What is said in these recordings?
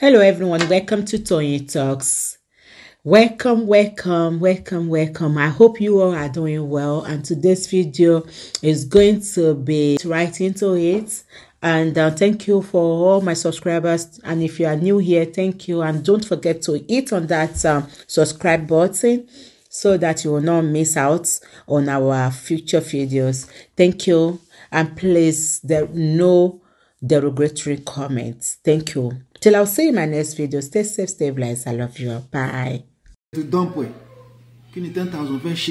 Hello, everyone. Welcome to Tony Talks. Welcome, welcome, welcome, welcome. I hope you all are doing well. And today's video is going to be right into it. And uh, thank you for all my subscribers. And if you are new here, thank you. And don't forget to hit on that um, subscribe button so that you will not miss out on our future videos. Thank you. And please, there no derogatory comments. Thank you. Till I'll see you in my next video. Stay safe, stay blessed. I love you. Bye. To dump way. Kí ni 10,000 fẹ́ ṣe?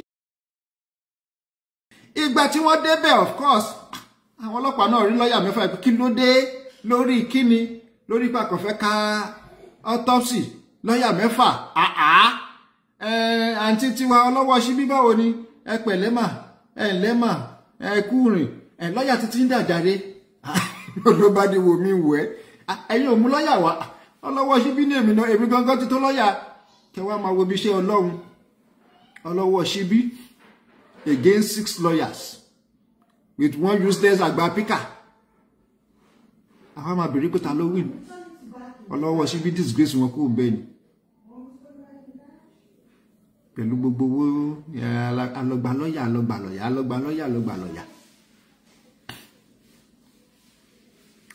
Ìgbà tí wọ́n débẹ̀ of course. Àwọn ọlọ́pàá náà rí lọ́ọ̀yà mẹ́fà pé kí ló dé lórí kíni lórí ipa Ah fẹ́ ka autopsy lọ́ọ̀yà mẹ́fà. Àǹtí tiwa ọlọ́wọ́ ṣíbí báwo ni ẹ pẹ̀lẹ́ mà ẹ ǹlẹ́ mà ẹ kú rìn ẹ lọ́ọ̀yà títí ń dàjáde. Ló bá dé wo mi wò ẹ́. Ah, ẹ̀yin ò mú lọ́yà wá ọlọ́wọ́ síbí ní èmi náà èmi gangan ti tó lọ́yà kẹwàá máa wo ibi iṣẹ́ ọlọ́run ọlọ́wọ́ síbí against six lawyers with one useless àgbà píkà àwọn máa bèrè pé ta ló win ọlọ́wọ́ síbí disgrace wọn kò bẹ́ẹ̀ ni pẹ̀lú gbogbo owó alọ́gbà lọ́yà alọ́gbà lọ́yà alọ́gbà lọ́yà alọ́gbà lọ́yà.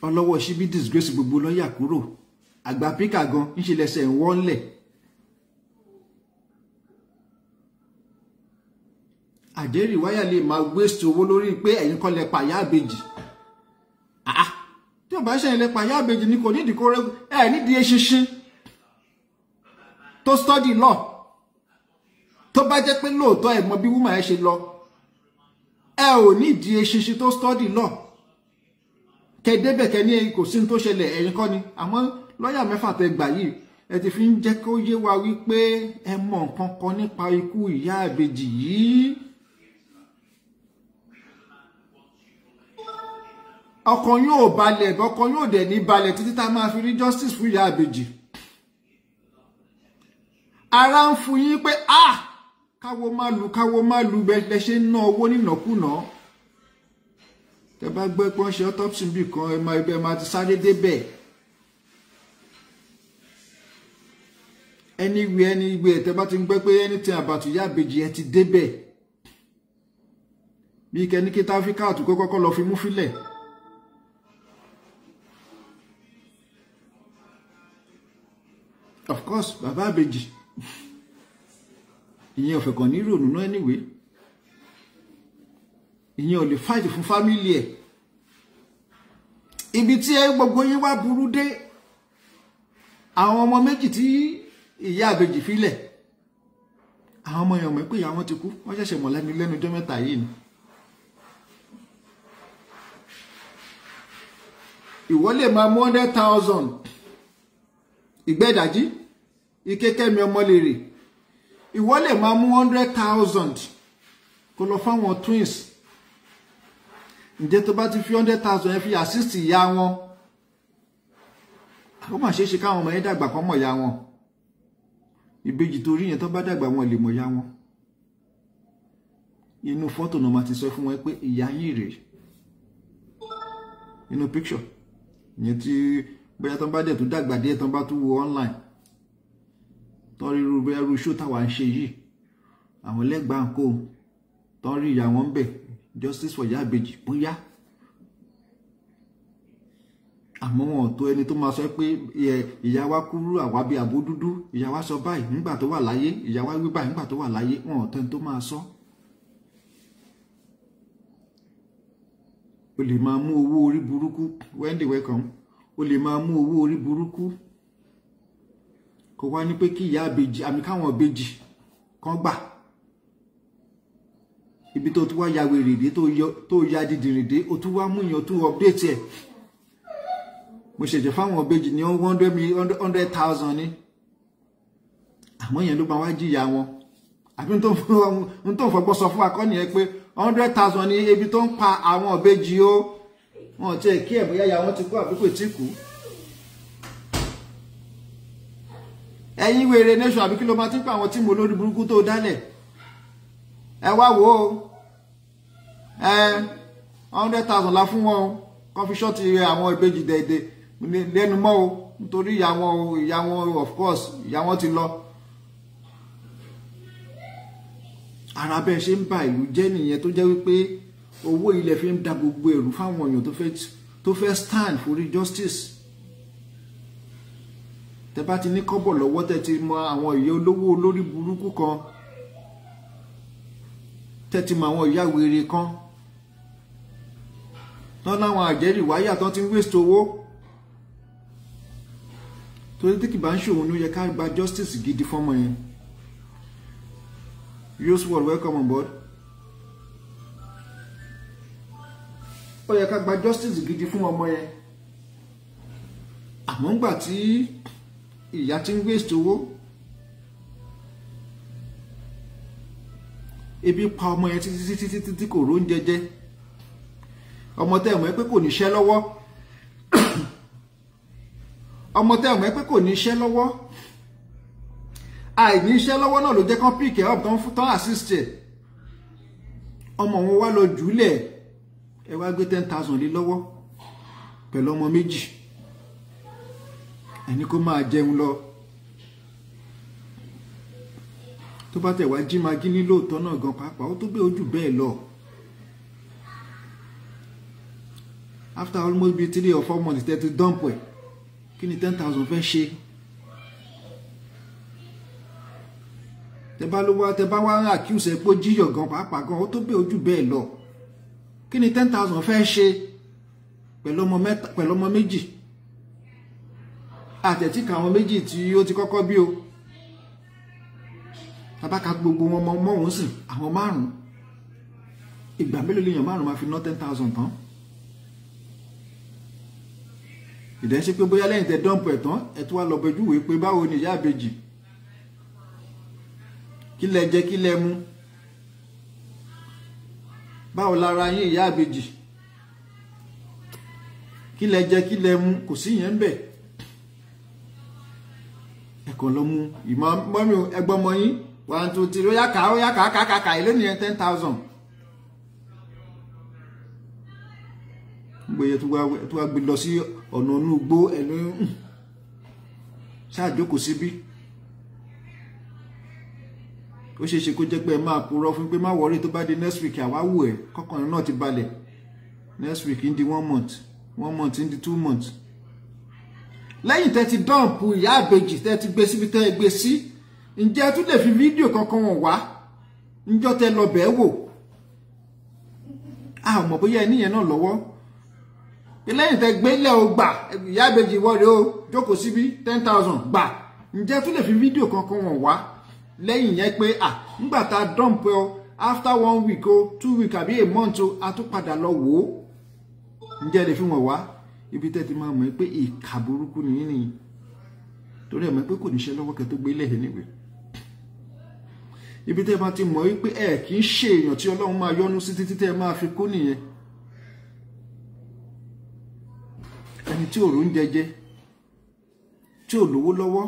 ọlọ́wọ́ ṣíbí disgrace gbogbo lọ́yà kúrò àgbà píkà gan ń ṣe lẹ́sẹ̀ ń wọ́n lẹ̀ àdéhùn wáyà lè máa waste owó lórí pé ẹ̀yin kan lè pa ìyá àbejì tí ọba ṣẹ̀yìn lè pa ìyá àbejì ni kò nídìí kó ẹ nídìí eṣinṣin tó study law tó bá jẹ́ pé lóòótọ́ ẹ̀ mọ bí wúmà ẹ ṣe lọ ẹ ò nídìí eṣinṣin tó study law kẹdébẹ̀ kẹ ní kò sí tó ṣẹlẹ̀ ẹ̀yin kọ́ ni àmọ́ lọ́ọ̀yà mẹ́fà tẹ gbà yìí ẹ ti fi ń jẹ́ kó yé wa wípé ẹ mọ̀ nǹkan kan nípa ikú ìyá àbèjì yìí. ọkàn yóò balẹ̀ ọkàn yóò dẹ̀ ní balẹ̀ títí tá a máa fi rí justice fún ìyá àbèjì. ara ń fún yín pé ah káwo má lu káwo má lu bẹ́ẹ̀ ṣe ń ná owó nínàkúnàá tẹ bá gbọ́ pé ṣe autopsy bì kan ẹ máa ibẹ̀ máa ti sáré débẹ̀ anywhere anywhere tẹ bá ti ń gbọ́ pé anything about ìyá ìbejì ẹ ti débẹ̀ bí kẹ́ni kí táfíkà àtúkọ kọ́kọ́ lọ fi mú fílẹ̀. of course bàbá ìbejì ìyẹn ọ̀fẹ́ kan ní ìrònú náà anyway ìyẹn ò lè fáìtì fún fámìlì ẹ̀ ibi tí gbogbo yín wá burú dé àwọn ọmọ méjì tí ìyá àbèjì filẹ̀ àwọn ọmọ èèyàn mọ̀ pé ìyá wọn ti kú wọ́n ṣẹ̀ṣẹ̀ mọ̀ lẹ́nu lẹ́nu ọjọ́ mẹ́ta yìí ni ìwọ lè máa mú hundred thousand ìgbẹ́dàjí ikékẹ́mi ọmọlèrè ìwọ lè máa mú hundred thousand kó lọ fáwọn twins ǹjẹ́ tó bá ti fi hundred thousand yẹn fi assist ìyá wọn ó mà ṣeé ṣe káwọn ọmọ yẹn dàgbà kán mọ̀ ìyá wọn ìbejì torí yẹn tó bá dàgbà wọn lè mọ̀ ìyá wọn inú fọ́tò náà máa ti sọ fún wọn pé ìyá yìí rèé inú picture ìyẹn tí bóyá tó bá dẹ̀ tó dàgbà díẹ̀ tó bá tún wo online tó rí irú bóyá irú ṣó táwa ń ṣe yìí àwọn lẹ́gbàá ń kó tó rí ìyá wọn ń justice for Iyabeji bóyá àmọ́ wọn tó ẹni tó máa sọ pé ìyá wa kúrú àwa bíi àbó dúdú ìyá wa sọ báyìí nígbà tó wà láyé ìyá wa wí báyìí nígbà tó wà láyé wọn ò tẹ́ni tó máa sọ. o lè máa mú owó orí burúkú Wendy welcome o lè máa mú owó orí burúkú kó wá ní pé kí ìyá àbèjì àmì káwọn àbèjì kan gbà ibi tó tún wá ya wèrèdè tó ya dìdìrìdè ó tún wá mú yàn tún update ẹ̀ mo ṣèjọ fáwọn ọbẹ̀jì ní hundred thousand ni àmọ́ yẹn ló máa wá jìyà wọn àbí n tó ń fọgbọ́ sọ fún akọ́ni yẹn pé hundred thousand ni ebi tó ń pa àwọn ọbẹ̀jì o wọn ti ẹ̀ kí ẹ̀ bóyá ya wọn ti kú àbúkù tí kú. ẹ̀yin wèrè nation àbí kí ló máa ti pa àwọn tí mo lórí burúkú tó dálẹ̀ ẹ wá wò ó ẹ hundred thousand la fún wọn o kàn fi ṣọ́ọ̀tì àwọn ìbejì dẹ̀dẹ̀ lẹ́nu mọ́ o nítorí ìyá wọn o ìyá wọn of course ìyá wọn ti lọ. ara bẹ́ẹ̀ ṣe ń ba ìlú jẹ́ nìyẹn tó jẹ́ wípé owó ilẹ̀ fi ń da gbogbo ẹ̀rù fáwọn èèyàn tó fẹ́ stand for justice tẹ bá ti ní kọ́bọ̀ lọ́wọ́ tẹ ti mọ àwọn ìyá olówó olórí burúkú kan tẹ́tí mọ àwọn ìyá wèrè kan tán láwọn àjẹ́rì wáyà tán ti ń wéṣọ owó torí tí kì bá ń ṣòwò ló yẹ ká gba justice gidi fọ́mọ yẹn Yoseward welcome on board ó yẹ ká gba justice gidi fún ọmọ yẹn àmọ́ ngbà tí ìyá ti ń waste owó ebi pa ọmọ yẹn títí títí títí tí kò róúnjẹ jẹ ọmọ tẹ́ mọ̀ pé kò níṣẹ́ lọ́wọ́ ọmọ tẹ́ mọ̀ pé kò níṣẹ́ lọ́wọ́ àìníṣẹ́ lọ́wọ́ náà ló jẹ́ kán pick up tán fún tán assist ẹ̀ ọmọ wọn wá lọ jùlẹ̀ ẹ wá gbé ten thousand lé lọ́wọ́ pẹ̀lú ọmọ méjì ẹni kó máa jẹun lọ. tó bá tẹ̀ wá jí magí ní lóòótọ́ náà gan pàápàá ó tó gbé ojú bẹ́ẹ̀ lọ. after almost be three or four months tẹ́ ti dump ẹ̀ kí ni ten thousand fẹ́ ṣe. tẹ́ bá ló wá tẹ́ bá wá ń accuse ẹ pé ó jíyọ̀ gan pàápàá gan ó tó gbé ojú bẹ́ẹ̀ lọ. kí ni ten thousand fẹ́ ṣe pẹ̀lú ọmọ méjì àtẹ̀tí kàwọn méjì tí ó ti kọ́kọ́ bí o bàbá ka gbogbo wọn mọ òun sìn àwọn márùn ìgbà mélòó lèèyàn márùn máa fi ná ten thousand tán ìdẹ́ ṣe pé bóyá lẹ́yìn tẹ dọ́ǹpù ẹ̀ tán ẹ̀ tó wá lọ bẹjú wèé pé báwo ni ìyá àbejì kí lẹ jẹ kí lẹ mu báwo lára yín ìyá àbejì kí lẹ jẹ kí lẹ mu kò sí ìyẹn ń bẹ ẹ̀kọ́ lọ mu ìmọ̀ ẹgbọ́n mọ́ yín one two three ó yá kà ó yá kà kà kà kà ten thousand. gbèyẹ tó wá gbé lọ sí ọ̀nà inú igbó ẹ̀lú ṣáàjókòó síbí ó ṣeé ṣe kó jẹ́ pé ẹ máa purọ́ fún pé má wọrí tó bá di next week àwa wù ẹ́ kọ́kànlá náà ti balẹ̀ next week ń di one month one month ń di two months lẹ́yìn tẹ́ ti dọ́ǹpù ìyá àbèjì tẹ́ ti gbé síbi tẹ́ ẹ gbé sí. Si ǹjẹ́ tún lè fi fídíò kankan hàn wá níjọ́ tẹ lọ bẹ́ẹ̀ wò a ò mọ̀ bóyá ẹnìyẹn náà lọ́wọ́ lẹ́yìn tẹ gbélé o gbà ìyá ìbejì ìwọ́de o jókòó síbí ten thousand gbà ǹjẹ́ tún lè fi fídíò kankan hàn wá lẹ́yìn yẹn pé à nígbà tá a dump o after one week o two week àbí a month o a tún padà lọ wò ó ǹjẹ́ lè fi wọ̀n wá ibi tẹ́ ti máa mọ̀ pé ìkà burúkú nìyí nìyí torí ẹ̀ mọ̀ pé kò ní ṣe lọ́wọ́ kẹ́ tó gbélé ẹ̀ níwèé ibi tẹ́ bá ti mọ̀ wípé ẹ kì í ṣe èèyàn tí ọlọ́run máa yọ́nú sí títí tẹ́ máa fi kú nìyẹn ẹni tí òòrùn jẹjẹ tí ò lówó lọ́wọ́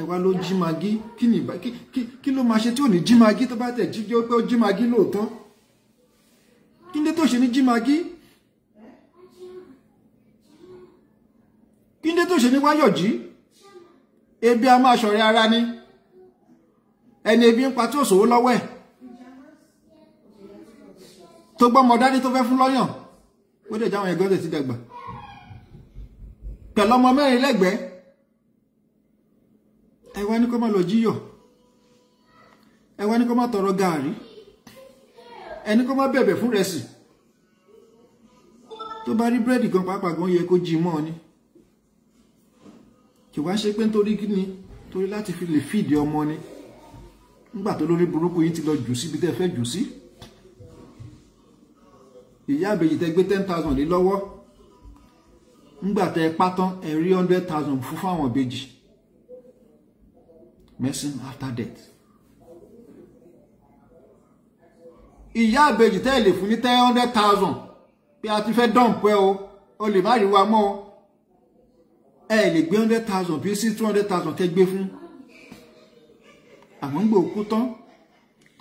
ẹ wá ló jí magi kí ni ìbá kí ló máa ṣe tí ò ní jí magi tó bá tẹ̀ jí jẹ́ pé ó jí magi lóòótọ́ kí ndé tó ṣe ní jí magi kí ndé tó ṣe ní wáyọ̀ jí ebi a máa ṣọ̀rẹ́ ara ni ẹni ebi ń pa tí òṣòwò lọ́wọ́ ẹ̀ tó gbọ́mọ dání tó fẹ́ fún lọ́yàn ó dẹ̀ jáwọn ẹgbẹ́ tẹ̀ ti dàgbà pẹ̀lú ọmọ mẹ́rin lẹ́gbẹ̀ẹ́ ẹ wá ní kó má lọ jíyọ̀ ẹ wá ní kó má tọrọ gàárì ẹni kó má bẹ̀bẹ̀ fún rẹsì tó bá rí búrẹ́dì gan pàápàá gan yẹ kó jí mọ́ ni kì wá ṣe pé nítorí kí ni torí láti fi lè fìdí ọmọ ni nígbà tó lórí burúkú yìí ti lọ jù síbi tẹ́ fẹ́ jù sí ìyá àbèjì tẹ́ gbé ten thousand lé lọ́wọ́ nígbà tẹ́ pátán ẹ rí hundred thousand fún fáwọn ìbejì medicine after death ìyá àbèjì tẹ́ lè fún ní ten hundred thousand pé a ti fẹ́ dọ̀m̀pù ẹ o o lè má rí wa mọ́ ẹ lè gbé hundred thousand bí sí two hundred thousand tẹ́ gbé fún àmọ́ ń gbé òkú tán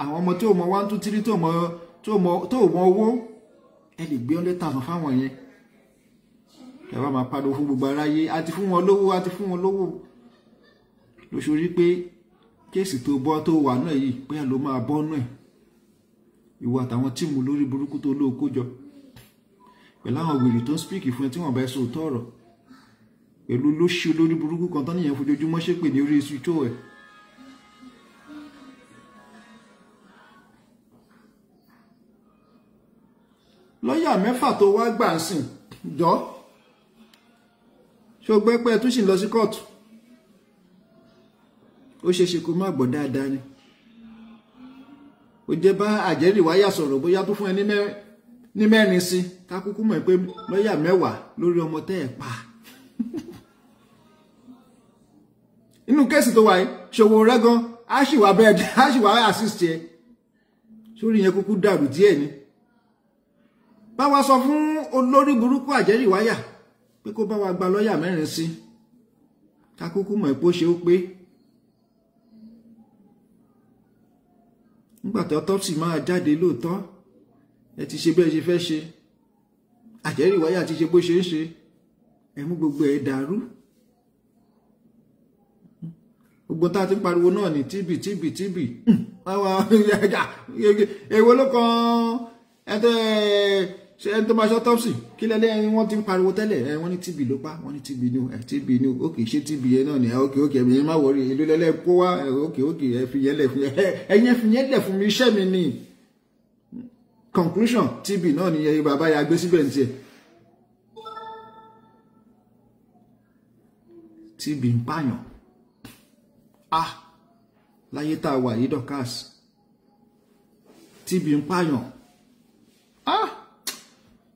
àwọn ọmọ tó mọ one two three tó mọ tó mọ tó mọ owó ẹ lè gbé hundred thousand fáwọn yẹn kí a bá máa pariwo fún gbogbo aráyé a ti fún wọn lówó a ti fún wọn lówó lóṣoorí pé kéèsì tó bọ́ tó wà náà yìí pé ló máa bọ́ náà ìwọ àtàwọn tíìmù lórí burúkú tó lóko jọ pẹ̀lú àwọn wèrè tó ń spíkì fún ẹ tí wọ́n bá ẹ sòótọ́ ọ̀rọ̀ pẹ̀lú lóṣù lórí burúkú kan tán nìyẹn fojoojúmọ́ ṣépè ní orí iṣu tó ẹ̀ mẹ́fà tó wá gbà ń sìn jọ́ ṣó gbé pé ẹ tún sì lọ sí kóòtù ó ṣe ṣe kó má gbọ́ dáadáa ni ó jẹ́ bá àjẹ́rìí wáyà sọ̀rọ̀ bóyá tó fún ẹ ní mẹ́rin sí kákúkú mọ̀ pé lọ́ọ̀yà mẹ́wàá lórí ọmọ tẹ́ ẹ̀ pa inú kéèsì tó wà yìí ṣòwò rẹ́gan á sì wà bẹ́ẹ̀ á sì sórí yẹn kúkú dàrú díẹ̀ ni bá wa sọ fún olórí burúkú àjẹrìwáyà pé kó bá wa gba lọ́ọ̀yà mẹ́rin sí kakúkú mọ̀ pé ó ṣe ó pé nígbà tí autopsy máa jáde lóòótọ́ ẹ ti ṣe bẹ́ẹ̀ ṣe fẹ́ ṣe àjẹrìwáyà ti ṣe bó ṣe ń ṣe ẹ mú gbogbo ẹ dàrú gbogbo tá a ti ń pariwo náà ní tíbì tíbì tíbì èwo ló kan ẹtẹ ṣé ẹni tó máa ṣọ́ tọ́psì kí lẹ́lẹ́ ẹni wọ́n ti ń pariwo tẹ́lẹ̀ ẹ wọ́n ní TB ló pa wọ́n ní TB ní ẹ TB ní òkè ṣé TB yẹn náà ni òkè ah, òkè ẹ̀mí yẹn má wọrí èlò lẹ́lẹ́ kó wá òkè òkè ẹ fi yẹn lẹ̀ fún ẹ ẹ̀yẹn fi yẹn lẹ̀ fún mi iṣẹ́ mi ni conclusion TB náà ni ẹyẹ bàbá ya gbé síbẹ̀ ní tiẹ̀. TB ń pààyàn ah láyé tá a wà yìí dọ̀kas TB ń pààyàn ah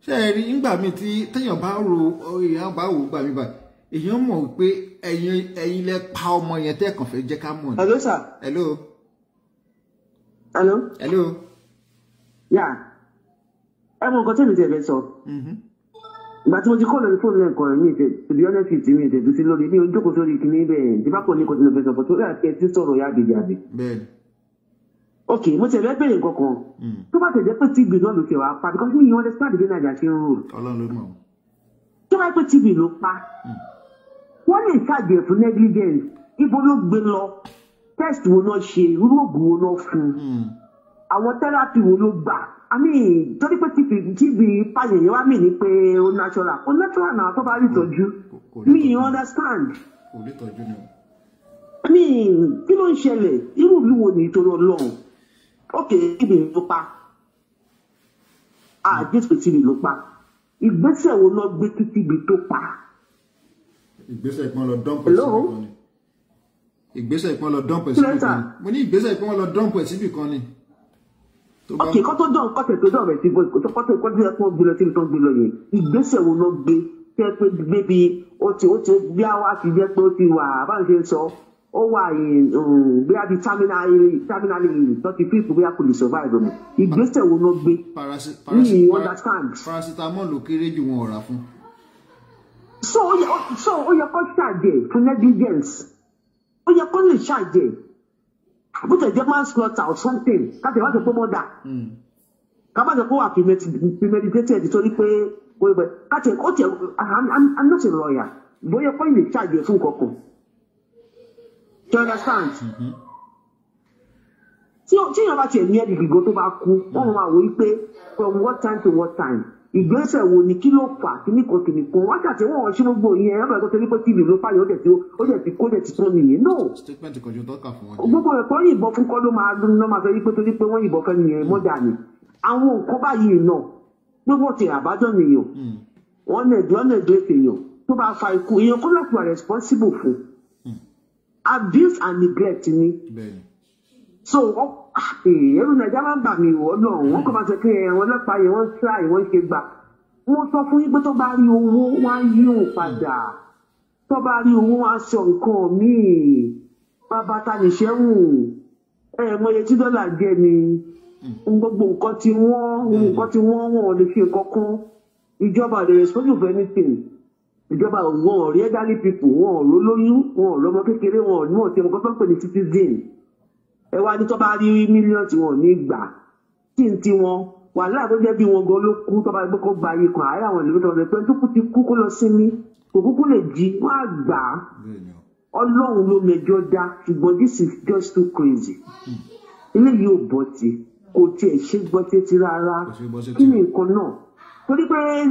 ṣé ẹ rí nígbà míì tí téèyàn bá ro èèyàn bá wò ó gbà mí báyìí èèyàn mọ̀ pé ẹ̀yin ẹ̀yin lẹ pa ọmọ yẹn tẹ́ẹ̀kan fẹ́ jẹ́ ká mọ̀ ni. hello sir. hello. hello. hello. yà ẹ mọ nǹkan tẹ́mi tẹ́ fẹ́ sọ. Mm-hmm. ìgbà tí mo ti kọ́ lórí fóònù yẹn kan mi ìfẹ́ to be honest with you mi ìfẹ́ tó ti lórí mi ò ń jókòó sórí kìnìún bẹ́ẹ̀ ìdíbàpọ̀ ní kò tí mo fẹ́ sọ fọ́ torí àti ẹ ti sọ̀rọ̀ yá àbèjì àbè. bẹ́ẹ̀ni ok mo ti ẹ̀rẹ́ bèrè nǹkan kan hmm. tó bá tẹ̀jẹ́ pé tb náà ló ti wá pa because mi ìwọ́n understand bí nàìjíríà ṣe ń rò tó bá pé tb ló pa hmm. wọ́n lè ṣàgbẹ̀ fún negligence ibo ló gbé lọ test wo náà ṣe irú oògùn wo náà fún hmm. àwọn therapy wo ló gbà àmì torí pé tb tb pàṣẹyẹ wá mí ni pé ó natural ó natural náà tó bá rí ìtọ́jú mi ìwọ́n understand mi kí ló ń ṣẹlẹ̀ irú mi wo ni ìtòrò ọlọ́run ókè ibi ló pa àjẹsùn tí mi ló pa ìgbésẹ̀ wo lọ gbé títí ibi tó pa. ìgbésẹ̀ ìpọn lọ dán pẹ̀sì nìkan ni ìgbésẹ̀ ìpọn lọ dán pẹ̀sì nìkan ni mo ní ìgbésẹ̀ ìpọn lọ dán pẹ̀sì nìkan ni. ókè kó tó dán kọ́tẹ̀ tó dán rẹ̀ ti bọ́ ìkótó kọ́tẹ̀ kó tó yẹ kó gbé lọ sí ibi tó ń gbé lọ yẹn ìgbésẹ̀ wo lọ gbé tẹ́ pé bébí ó ti ó ti bí a ti jẹ́ pé ó ti wà báyìí ṣe sọ ó wà um, bóyá bíi terminal ill tó ti fíìpù bóyá kò lè survive mọ́ ìgbésẹ̀ wo gbe gbé ní understand. paracetamol ló kéré jù wọn ọ̀rá fún. so ó yẹ kó ṣàjẹ fún negligence ó yẹ kó lè ṣàjẹ or something káṣí hmm. ìwádìí pé kó premeditated torí pé káṣí ó tiẹ̀ i'm not a lawyer bóyá fún Do you understand? tí yàrá tiẹ̀ ní ẹ̀dì gbígbó tó bá kú wọ́n máa wò wípé from what time to what time ìgbésẹ̀ wo ni kí ló fà kíní kan kíní kan wákàtí wọn ọ̀ṣun gbogbo yẹn ẹ̀rọ ẹ̀kọ́ torí pé tv ló fàyọ̀ ó dẹ̀ ti ó dẹ̀ ti kó dẹ̀ ti tún nìyẹn no. gbogbo ẹ̀kọ́ yìnbọn fún kọ́ ló máa ló máa sọ yí pé torí pé wọ́n yìnbọn fẹ́ nìyẹn mọ́dà ni àwọn nǹkan báyìí náà pé wọ́n ti àbájọ nìyẹn hmm. wọ́n nà ẹ̀dùn ọ̀nà ẹ̀dùn ètò èèyàn tó bá fa ikú èèyàn kọ́ lọ́pọ̀ responsible fún abuse and neglect ni. so wọn ẹrù nàìjà máa ń bà mí ìwọ náà wọn kọ́ máa sọ pé ẹ̀wọ̀n ọlọ́pàá yẹn wọ́n ṣá ìwọ́n ṣe gbà wọ́n sọ fún yín pé tó bá rí owó wọ́n á yí òun padà tó bá rí owó wọ́n á sọ nǹkan míì bàbá ta nìṣẹ́ wù ẹ̀ mọ̀ye tí dọ́là jẹ́ ni hmm. gbogbo nǹkan tí wọ́n nǹkan tí wọ́n wọ́n lè fi nǹkan ìjọba the responsible for anything ìjọba wọn ò rí elderly people wọn ò lólóyún wọn ò lọ́mọ kékeré wọn ò ní wọn ò tẹ nǹkan tó pè ní citizen ẹ wá ní tó rí mílíọ̀nù tí ní gbà tí ń ti wọn wàhálà tó jẹ́ bí wọn gan ló kú tó gbé kó gba ayé àárẹ̀ àwọn ìlú tó ń pẹ́ tó kú ti kú kó lọ sinmi kò kúkú lè jí wọn á gbà á ọlọ́run ló mẹjọ dá ṣùgbọ́n this is just too crazy eléyìí ò bọ́ ti kò tiẹ̀ ṣe gbọ́ títí rárá kí ni nǹkan náà torí pé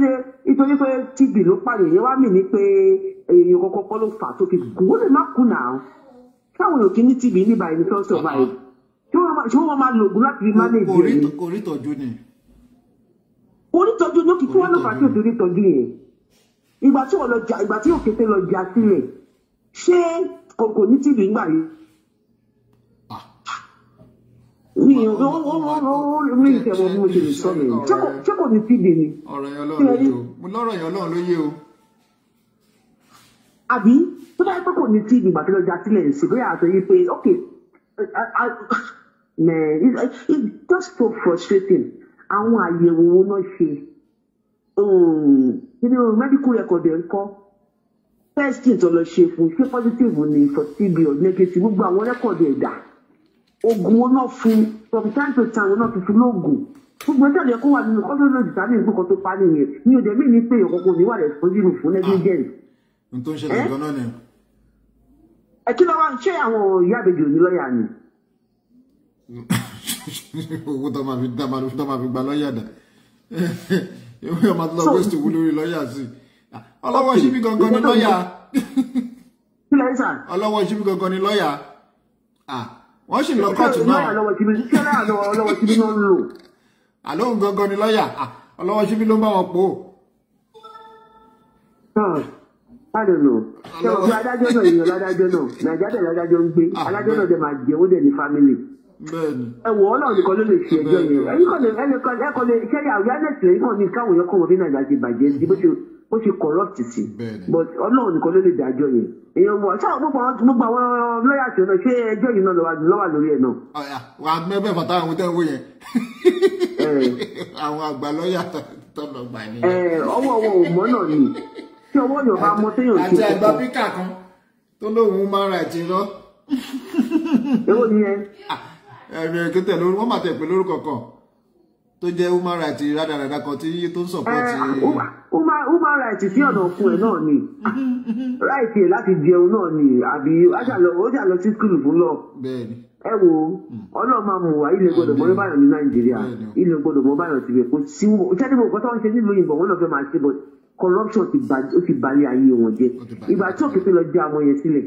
nítorí pé tb ló pàdé yẹn wá mì ní pé èèyàn kọ́kọ́ kọ́ ló fà tó fi gùn ó lè má kú nà án táwọn èèyàn kì í ní tb níbà ẹni tó sọ báyìí ṣé wọ́n máa lo oògùn láti fi manage rẹ̀ ni. kò rí tọ́jú ni. kò rí tọ́jú ni ó kì í kí wọ́n lọ fà tí ò ti yẹn ìgbà tí òkété lọ jà sílẹ̀ ṣé kò kò ní tb ńgbà yìí mi ò ní ìfẹ́ wọn mú ṣe lè sọ mi ṣé kò ní fìdí ni. ọ̀rọ̀ yẹn lọ́rọ̀ ló yé o. àbí tó bá yẹ kò ní fìdí ìgbà tó lọ ja sílẹ̀ ṣe bóyá àtọ̀ yìí pé ok it's just so frustrating àwọn àyẹ̀wò wo náà ṣe hmm, nínú medical record ẹ̀ ń testing tó lọ ṣe fún ṣé positive ni for TB or negative gbogbo àwọn rẹ́kọ̀dì ẹ̀dá oògùn wọn náà fún from time to time wọn náà tuntun lóògùn gbogbo ẹjọ́ yẹ kó wà nínú kọ́ńtò lòdì sáà ní ìlú kan tó pa nìyẹn ní òde mí ní pé ìkọ̀kọ̀ ní wà rẹ̀ fún jìnnì fún ah, negligence. n tó ń ṣẹlẹ̀ eh? gan-an ni. ẹ kí ló wá ṣé àwọn ìyá àbèjì òní lọ́ọ̀yà ni. owó tó máa fi dá máa fi tó máa fi gba lọ́ọ̀yà dà ìwé ọmọ tó lọ wéṣítì wú lórí lọ́ọ̀yà sí ọlọ́wọ́ ṣíbí gangan ni lọ́ọ̀yà ọlọ́wọ́ ṣíbí gangan ni lọ́ọ̀yà. Ah wọ́n sì lọ kóòtù náà àlóhùn gangan ni lọ́ọ̀yà ọlọ́wọ́ síbí ló ń bá wọn pò. Báyọ̀ nù, ah, nìkan ló lè ṣe ẹjọ́ yẹn. Ẹyin kan lè ẹyin kan lè ṣẹ́yà ọ̀yá ní káwọn yọkọ̀ wọ bí Nàìjíríà ti bàjẹ́ bí bó ṣe ó ṣe corrupt sí but ọlọ́run nìkan ló lè dájọ́ yẹn èèyàn wọ ṣáà gbogbo àwọn gbogbo àwọn lọ́ọ̀yà tó náà ṣé ẹjọ́ yìí náà lọ́wọ́ lórí ẹ̀ náà. wà á mẹ́fẹ̀ẹ́ fàtà àwọn tẹ́ ń wò yẹn eh. àwọn àgbà lọ́ọ̀yà tó lọ gbà ní. Eh, ọwọ́ wọn ò mọ́ náà ni tí ọwọ́ yóò bá mọ téèyàn ṣe kọ́kọ́. àti àgbà píkà kan tó lóun máa ra ẹ̀jẹ̀ lọ. èwo ni ẹ. Ah, ẹ̀rọ ìkẹtẹ̀ lórúkọ tó jẹ́ human rights rádaràdà kan tí tó ń sọ̀pọ̀tì. Eh, human rights sí ọ̀nà fún ẹ náà ni right ẹ láti jẹun náà ni àbí ó ṣà lọ sí skul fún lọ. ẹ wo ọlọ́run máa mú wa ilé gbọ́dọ̀ mọ́ báyọ̀ ní nàìjíríà ilé gbọ́dọ̀ mọ́ báyọ̀ ti bẹ̀ kó sí wọn ṣáà níbo nǹkan tó ń ṣe nílùú òyìnbó wọn náà fẹ́ máa ṣe bọ̀ corruption ti balẹ̀ ayé wọn jẹ́ ìgbà tí òkè tó lọ jẹ́ àwọn yẹn sílẹ̀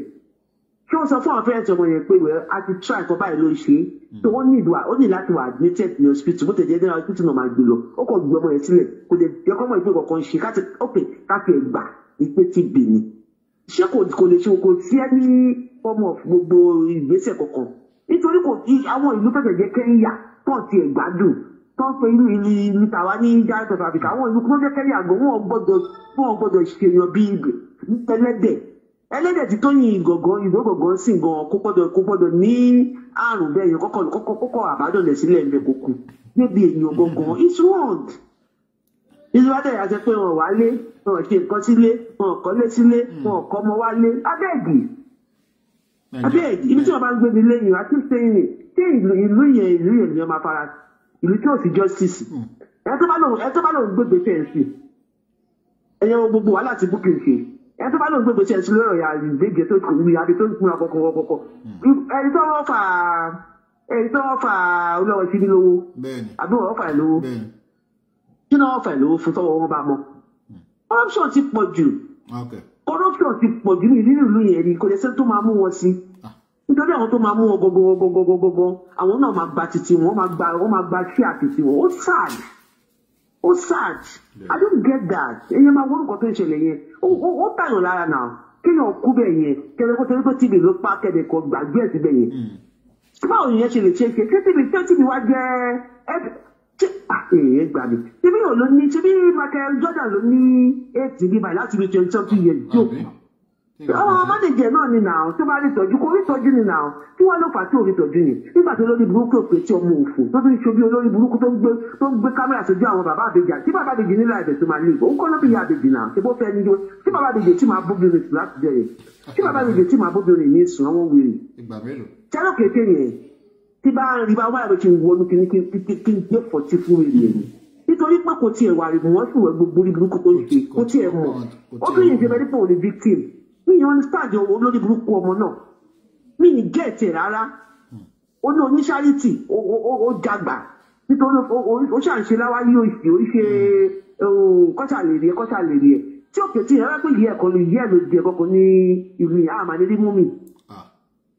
kí wọ́n sọ fún àwọn parents ọmọ yẹn pé wẹ́ẹ́ a ti try nǹkan báyìí ló ń ṣe so mm. wọ́n ní ìdùnnà ó ní láti wà admitted ní hospital bó ti jẹ́ general hospital náà máa gbé lọ ó kàn gbé ọmọ yẹn sílẹ̀ kò dé yẹ kọ́ ọmọ ìpè kọ̀ọ̀kan ṣe káti ok káti ẹ̀ gbà ìpè ti bì ní ṣé kò lè ṣe kò sí ẹ ní form of gbogbo ìgbésẹ̀ kọ̀ọ̀kan nítorí kò sí àwọn ìlú fẹ̀fẹ̀ jẹ́ Kẹ́ńyà pọ̀ ti ẹ̀ gbádùn tó ń pe irú ìlú ní tàwa ní South Africa àwọn ìlú kúrọ́jẹ́ Kẹ́ńyà gan wọn gbọ́dọ̀ wọn gbọ́dọ̀ ṣèyàn bíi ẹlẹ́dẹ̀ẹ́ ẹlẹ́dẹ̀ tí tó yin ìgọ̀gàn ìdógọ̀gàn sì gan kó gbọ́dọ̀ kó gbọ́dọ̀ ní àrùn bẹ́ẹ̀ yẹn kọ́kọ́ kọ́kọ́ kọ́kọ́ àbádọ́lẹ̀ sílẹ̀ ń bẹ kó kù débi ènìyàn gangan it's wrong ìlúwádẹ́ yà sọ pé wọn wá lé wọn ṣe nǹkan sílé wọn kọ́ lé sílé wọn kọ́ ọmọ wá lé abẹ́ẹ̀gì abẹ́ẹ̀gì ibi tí wọn bá ń gbé mi lẹ́yìn àti sẹ́yìn ṣé ìlú yẹn ìlú yẹn ni wọn máa fara ìlú tí ò sí justice hmm. ẹ tó bá lòun gbé gbèsè ẹ̀ sí ẹ̀yẹ gbogbo wàhálà ti ẹni tó bá lóun gbogbo ṣe ẹsùn lọ́rọ̀ yà ìgbége tó kù wí àbí tó ń kúnra kọkọ kọkọ ẹni tó wọ́n fà ẹni tó wọ́n fà olówó sí ní lówó àbí wọ́n fà lówó kí ni wọ́n fà lówó fún tọ́wọ́ wọn bá mọ́ corruption ti pọ̀ jù corruption ti pọ̀ jù ní ìlú ìlú yẹn ni kò lè ṣe tó máa mú wọn sí ah. nítorí àwọn tó máa mú wọn gọgọgọgọgọgọ àwọn náà máa gba títí wọn máa gba sí àtìtì wọn ó sáàdì ó search i don't get that èyàn máa wọ́n nǹkan tó ń ṣẹlẹ̀ yẹn ó tàyàn lára náà kéèyàn kú bẹ́ẹ̀ yẹn kẹ́rẹ́ kó tẹ́lẹ̀ pé tv ló pa kẹ́dẹ̀ kan gbàgbé ẹ̀ síbẹ̀ yẹn hmm. báwo yẹn ṣe lè ṣe ṣe ṣé tv ṣé tv wá jẹ́ ẹ ṣé àyè gbà mí tv ò ló ní ṣe bí Michael Jordan ló ní eight bíbáyìí láti bí twenty something years jókòó àwọn ọmọdé jẹ náà ni nàá tó bá rí tọ́jú kó rí tọ́jú ni nàá kí wọn ló fà á tí ò rí tọ́jú ni nígbà tó lórí burúkú òpè tí ọmọ òfò tó tún ṣojú olórí burúkú tó ń gbé tó ń gbé kámẹ́rà sójú àwọn bàbá àbèjà tí bàbá àbèjì nílò àìbẹ̀ tó máa ní ìbò ńkọ́ lọ́bìyà àbèjì náà ṣe bó fẹ́ ní yóò tí bàbá àbèjì tí máa bóbi orin láti jẹ yẹn tí bàbá àbèjì tí máa bóbi orin ní sùn àwọn wèrè tẹ́lọ̀ kété yẹn tí bá ń rí bá wáyà ló ti wọnú kí ní kí n gbé fọ̀tí fún mi nìyẹn nítorí pé kò tiẹ̀ wà rí wọn fún ìwé gbogbo orí tó ń ṣe kò tiẹ̀ mọ̀ ó tún yìí ṣe bẹ́ẹ̀ nípa òní victim mi yóò understand owó lórí burúkú ọmọ náà mi ní gẹ̀ẹ́tì rárá ó ní oníṣáàrìtì ó dàgbà nítorí ó ṣàǹṣe láwáyé òṣì ó ṣe kọ́tà lè rí ẹ kọ́tà lè rí ẹ tí òkè tí ìyá pé yìí ẹ̀kọ́ ni yìí ẹ̀ ló di ẹ̀kọ́ kan ní ìlú yìí àmà ní rímú mi ah.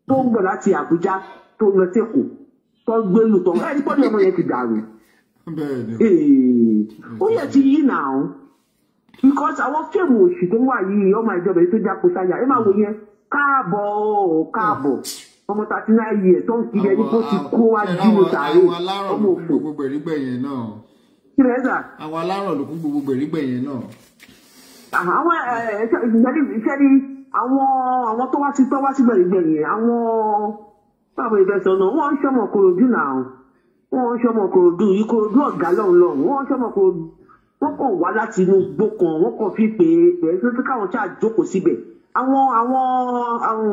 tó ń bọ̀ láti Àbújá tó ń lọ sẹ́kù tó ń gbé lù tó ń ká ẹni pọ́lì ọmọ yẹn ti dàrú ó yẹ ti yí nà án. because àwọn fíìmù òṣì tó wà yìí ọmọ ìjọba èyí tó jápo sáyà ẹ máa wò yẹn káàbọ̀ o káàbọ̀ ọmọ thirty years tó ń kiri ẹni bó ti kó wá ọmọ òfò. àwọn ló kún gbogbo náà. àwọn àwọn tó wá sí tó wá sí àwọn náà wọ́n ń ṣọmọ kòròdú náà wọ́n wọ́n kàn wá láti inú igbó kan wọ́n kàn fi pè é ẹ̀ ẹ́ káwọn ṣáà jókòó síbẹ̀ àwọn àwọn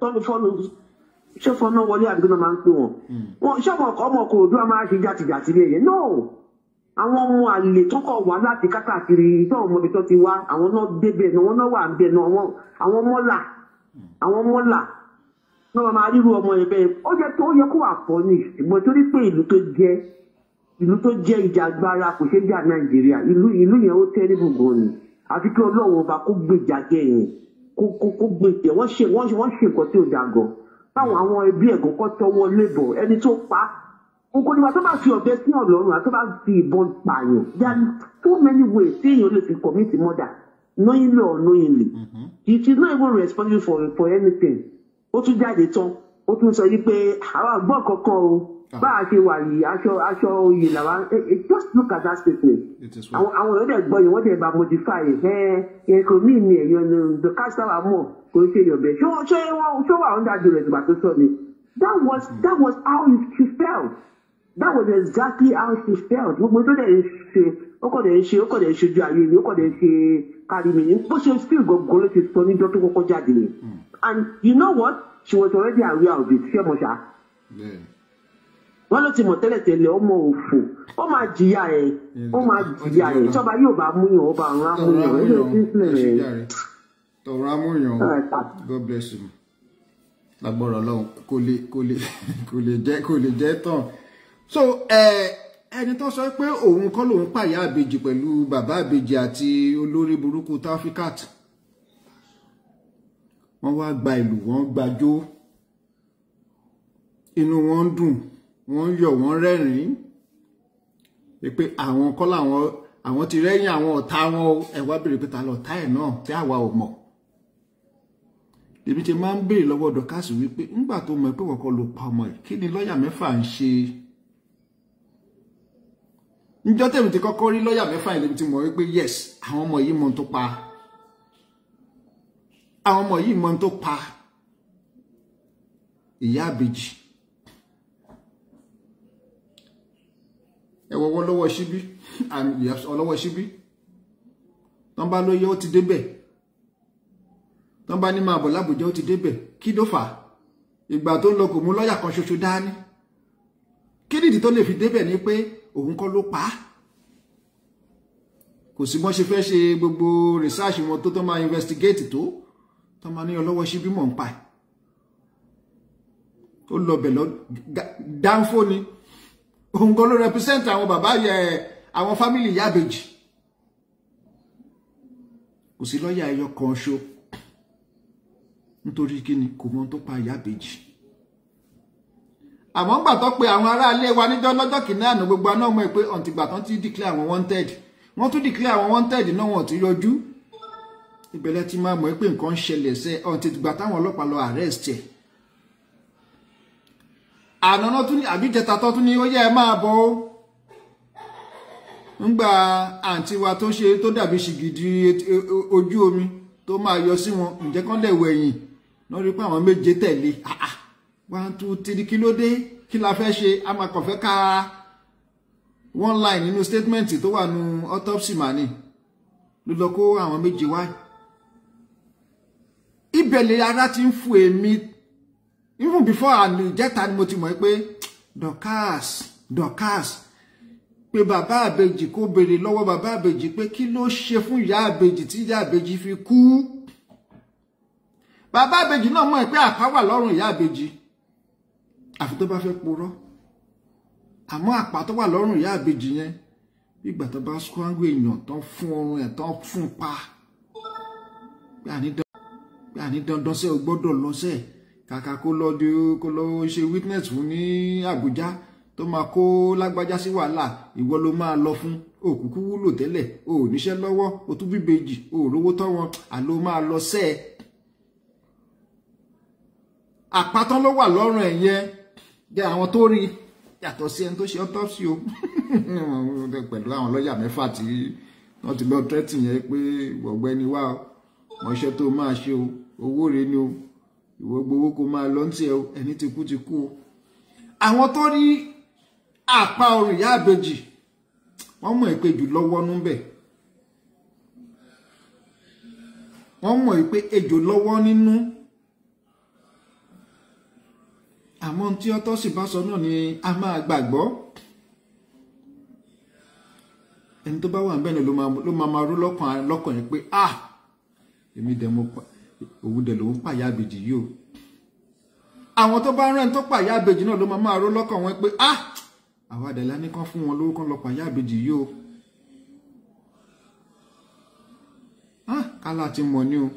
tọ́nufọ́nu ṣé fọnà wọlé àdúgbò náà máa ń pè wọn hmm. ṣé ọmọ ọkọ ọmọ ọkọ òdúrà máa ṣe jàtìjàtì bí ẹyẹ náà àwọn ọmọ àlè tọkọ wá láti kákàkiri náà ọmọbi tó ti wá àwọn náà débẹ̀ náà wọn náà wà ń bẹ náà àwọn mọlà àwọn mọlà náà máa ríru ọmọ yẹn bẹ́ẹ̀ ó yẹ kó àpọ ní ìṣùgbọ́n torí pé ìlú tó jẹ́ ìlú tó jẹ́ ìjàgbara kò ṣe jà nàìjíríà ìlú ìlú yẹn ó tẹ́rìbù gan ni àfi kí ọlọ́run ọba kó gbèjà jẹ yẹn kó kó kó gbèjẹ wọ́n ṣe wọ́n ṣe wọ́n ṣe nǹkan tí ò dáa gan táwọn àwọn ẹbí ẹ̀gàn kọ́ tọwọ́ lébọ̀ ẹni tó pa nǹkan nígbà tó bá fi ọ̀bẹ sí ọlọ́run àti tó bá fi ìbọn pààyàn there are too many ways tí èèyàn lè fi commit murder knowingly or unknowingly mm-hmm. it is not even responsible for for anything ó tún jáde tán ó tún sọ yí pé àwọn àgbọ̀ kankan o bá a ṣe wà yìí aṣọ aṣọ oyè làwa eh, eh, just look at that statement àwọn àwọn èèyàn dẹ̀ gbọ́ yìí wọ́n dẹ̀ bá modify ẹ̀ ẹ̀ kò mí ni èèyàn ní the castle amọ̀ kò ṣe yọ̀bẹ̀ ṣé wọ́n ṣé wọ́n ṣé wọ́n àwọn dájú rẹ̀ tìgbà tó sọ ni that was that was how she felt that was exactly how she felt gbogbo tó dẹ̀ ń ṣe ó kọ̀ dẹ̀ ń ṣe ó kọ̀ dẹ̀ ń ṣojú ayé mi ó kọ̀ dẹ̀ ń ṣe kárí mi bó ṣe feel gbogbo ló ti sọ níjọ́ tó kọ́kọ́ jáde hmm. and you know what she was already aware of it ṣé mo ṣá wọn ló ti mọ̀ tẹ́lẹ̀tẹ́lẹ̀ ọmọ òfò ó máa jìyà ẹ̀ ó máa jìyà ẹ̀ ìjọba yóò bá múyàn ọba àwọn amúyàn ẹ̀ ló ti sílẹ̀ rẹ̀. tọ̀rọ̀ amúyàn God bless you lágbára Ọlọ́run kò lè kò lè kò lè jẹ́ kò lè jẹ́ tán so ẹni tó sọ pé òun kọ́ lòun pàyà àbèjì pẹ̀lú bàbá àbèjì àti olórí burúkú tafikat wọ́n wá gba ìlú wọ́n gbàjó inú wọn dùn wọ́n ń yọ̀ wọ́n rẹ́rìn-ín pé àwọn kọ́ làwọn àwọn ti rẹ́yìn àwọn ọ̀tá wọn o ẹ wá béèrè pé ta lọ̀tá ẹ̀ náà tí àwa ò mọ̀ èmi ti máa ń béèrè lọ́wọ́ dọ́kásì wípé ńgbà tó mọ̀ pé wọ́n kọ́ ló pa ọmọ ẹ̀ kí ni lọ́ọ̀yà mẹ́fà ń ṣe níjọ́ tèmi ti kọ́kọ́ rí lọ́ọ̀yà mẹ́fà yìí lèmi ti mọ̀ wípé yes àwọn ọmọ yìí mọ tó pa àwọn ọmọ yìí mọ tó pa ìyá àbèjì ẹ wọwọ́ lọ́wọ́ síbí ọlọ́wọ́ síbí tán bá lóye ó ti débẹ̀ tán bá ní máa bọ̀ lábùjá ó ti débẹ̀ kí ló fà á ìgbà tó ń lọ kò mú lọ́ọ̀yà kan ṣoṣo dání kí nìdí tó lè fi débẹ̀ ni pé òun kọ́ ló pa á kò sí bọ́n ṣe fẹ́ ṣe gbogbo research wọn tó tó máa investigate tó tó máa ní ọlọ́wọ́ síbí mọ̀ ń pa ẹ̀ ó lọ bẹ̀ lọ dáńfó ni òun gan ló represent àwọn bàbá yẹ àwọn fámìlì yábejì kò sí lọ́ọ̀yà ẹyọ kan ṣo nítorí kí kò mọ tó pa yábejì àmọ́ ń gbà tó pe àwọn aráalé wa níjọ́ lọ́jọ́ kìíní àná gbogbo aná mọ̀ pé ọ̀ǹtìgbà tán ti declare àwọn wanted wọ́n tún declare àwọn wanted náà wọ́n ti yọjú ìbẹ̀lẹ̀ ti máa mọ̀ pé nǹkan ń ṣẹlẹ̀ sẹ́ ọ̀ǹtìgbà táwọn ọlọ́pàá lọ arrest ẹ̀ ànáná tún ní àbí jẹta tó tún ní ó yẹ ẹ máa bọ̀ ó ńgbà àǹtí wa tó ṣe tó dàbí ṣìgìdì ojú omi tó máa yọ sí wọn ǹjẹ́ kán lẹ̀ wẹ̀yìn lọ́ọ́ rí pé àwọn méje tẹ̀lé ah, ah, one two three kí ló dé kí la fẹ́ ṣe a máa kàn fẹ́ ka one line nínú statement tó wà nù autopsy mani ló lọ kó àwọn méje wá ibẹ̀ lè ara ti ń fu èmi even before and ìjẹta ni mo ti mọ̀ pé Dorkas Dorkas pé bàbá àbèjì ko, béèrè lọ́wọ́ bàbá àbèjì pé kí ló ṣe fún ya àbèjì tí ya àbèjì fi kú bàbá àbèjì náà mọ̀ pé àpá wà lọ́rùn ya àbèjì àfi tó bá fẹ́ purọ́ àmọ́ àpá tó wà lọ́rùn ìyá àbèjì yẹn ìgbà tó bá skwangu èèyàn tán fún ọrùn ẹ̀ tán fún pa pé àní dandan sẹ́ o gbọ́dọ̀ lọ sẹ́ẹ̀ kàkà kó lọ di kó lọ ṣe witness fún ní Àbújá tó máa kó lágbájá sí wàhálà ìwọ ló máa lọ fún òkùnkùn wúlò tẹ́lẹ̀ o ò níṣẹ́ lọ́wọ́ o tún bíbejì o ò rówó tọ́ wọn àló máa lọ sẹ́ẹ̀ àpátán ló wà lọ́rùn ẹ̀ yẹn jẹ́ àwọn tó rí yàtọ̀ sí ẹni tó ṣe autopsy o pẹ̀lú àwọn lọ́ọ̀yà mẹ́fà tí wọ́n ti lọ tẹ́tì yẹn pé ọ̀gbẹ́ni wá mọ̀ṣẹ́ tó máa ṣe o owó rèé ni o ìwọ gbowó kó máa lọ ntí ẹni tí kú ti kú o àwọn tó rí àpá ọrùn ìyá àbèjì wọ́n mọ̀ pé jù lọ́wọ́ nú bẹ̀ wọ́n mọ̀ pé ejò lọ́wọ́ nínú àmọ́ tí ọtọ́ sì bá sọ náà ni a máa gbàgbọ́ ẹni tó bá wà ń bẹ́ẹ̀ ni ló máa rú lọ́kàn yẹn pé ah èmi dẹ̀ mo pa òun dẹ̀ lòun pàyà àbèjì yìí o àwọn tó bá rán tó pàyà àbèjì náà ló máa máa ró lọ́kàn wọn pé ah àwa àdàlá ní kán fún wọn lówó kán lọ pàyà àbèjì yìí o ah kálá ti mọ̀ ni o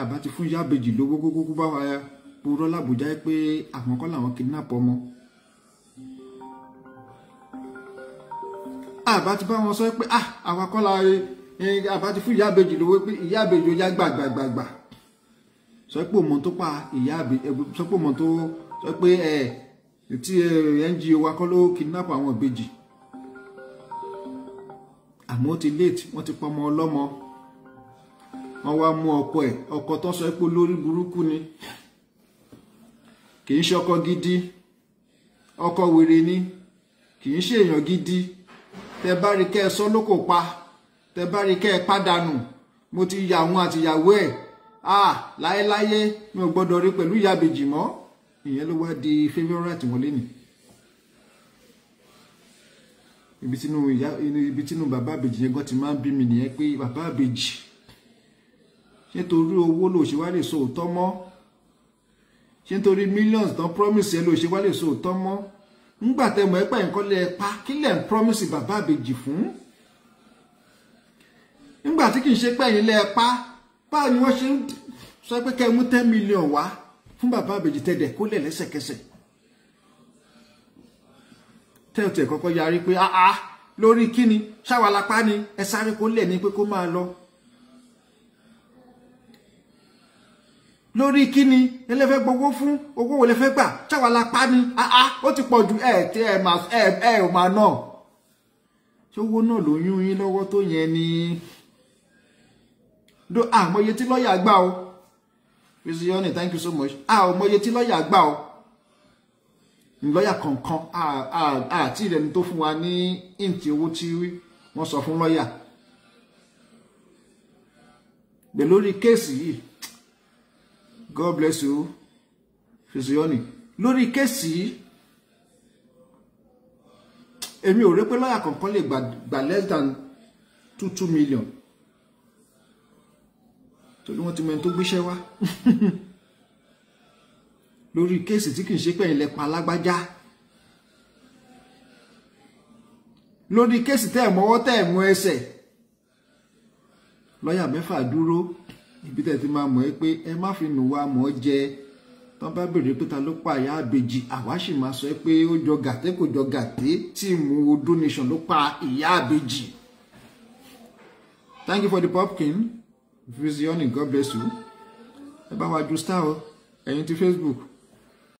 àbá ti fún yábèjì lówó gógógó bá wa purọ́ làbújá pé àwọn kọ́ làwọn kidnap ọmọ àbá ti bá wọn sọ pé ah àwa kọ́ la àbá eh, ti fún yábèjì lówó pé ìyábèjì ó yá gbàgbàgbàgbà sọ pé òmò tó pa ìyá àbí eh, sọ pé òmò tó sọ pé ẹ eh, tí eh, NGO wa kọ́ ló kidnap àwọn ìbejì àmọ́ ó ti late wọ́n ti pọmọ ọlọ́mọ wọ́n wá mú ọkọ ẹ̀ ọkọ tó sọ pé lórí burúkú ni kì í ṣe ọkọ gidi ọkọ wèrè ni kì í ṣe èèyàn gidi tẹ bá rí kẹ́ ẹ sọ ló kò pa tẹ bá rí kẹ́ ẹ pàdánù mo ti yà wọn àtìyàwó ẹ̀ ah láéláyé mi ò gbọ́dọ̀ rí pẹ̀lú ìyábejì mọ́ ìyẹn ló wá di favourite wọn lénìí ibi tínú ìyá ibi tínú bàbá àbèjì yẹn gan ti máa ń bí mi nìyẹn pé bàbá àbèjì ṣé torí owó ló ṣe wá lè sọ òótọ́ mọ́ ṣé nítorí millions tán promise ẹ ló ṣe wá lè sọ òótọ́ mọ́ ńgbà tẹmọ ẹ pẹ̀yìn kọ́lé ẹ pa kí lẹ̀ ń promise bàbá àbèjì fún ńgbà tí kì í ṣe pẹ̀yìn lẹ́ pa báwo ni wọ́n ṣe ń sọ pé kẹ́ ẹ mú ten million wá fún bàbá àbèjì tẹ́dẹ̀ kó lẹ̀ lẹ́sẹ̀kẹsẹ̀ tẹ́ǹtì ẹ̀ kọ́kọ́ yarí pé áá ah, ah, lórí kíni ṣáwalapá ni ẹ sáré kó lẹ̀ ní pé kó máa lọ lórí kíni ẹlẹ́fẹ́ gbowó fún owó wo lẹ́fẹ́ gbà ṣáwalapá ni áá ah, ó ti pọ̀ ju ẹ̀ tí ẹ̀ ẹ̀ ẹ̀ ò máa náà ṣé owó náà ló yún yín lọ́wọ́ tó yẹn ni do àmọye tí lọ́ọ̀yà gbà o Mrs. Yoni thank you so much Ah, àmọye tí lọ́ọ̀yà gbà o Ah ah àti ìrẹ́ni tó fún wa ní ìǹtí owó tí wọ́n sọ fún lọ́ọ̀yà bẹ̀ lórí kéèsì yìí God bless you Mrs. Yoni lórí kéèsì yìí èmi ò rí pé lọ́ọ̀yà kọ̀ọ̀kan lè gbà less than two two million torí wọ́n ti mọ tó gbéṣẹ́ wá lórí kéèsì tí kì í ṣe pẹ̀yìn lẹ́pa lágbájá lórí kéèsì tẹ́ ẹ̀ mọ́wọ́ tẹ́ ẹ̀ mọ́ ẹsẹ̀ dúró ibi tẹ́ ti máa mọ̀ ẹ́ pé ẹ má fi nù wá mọ̀ jẹ tọ́ bá bèrè pé ta ló pa àyà àbèjì àwa sì máa sọ pé ó jọ gàté kò jọ gàté tíìmù odó nation ló pa ìyá àbèjì thank you for the popkin. Visioning God bless you ẹ bá wa ju star o ẹ̀yin ti Facebook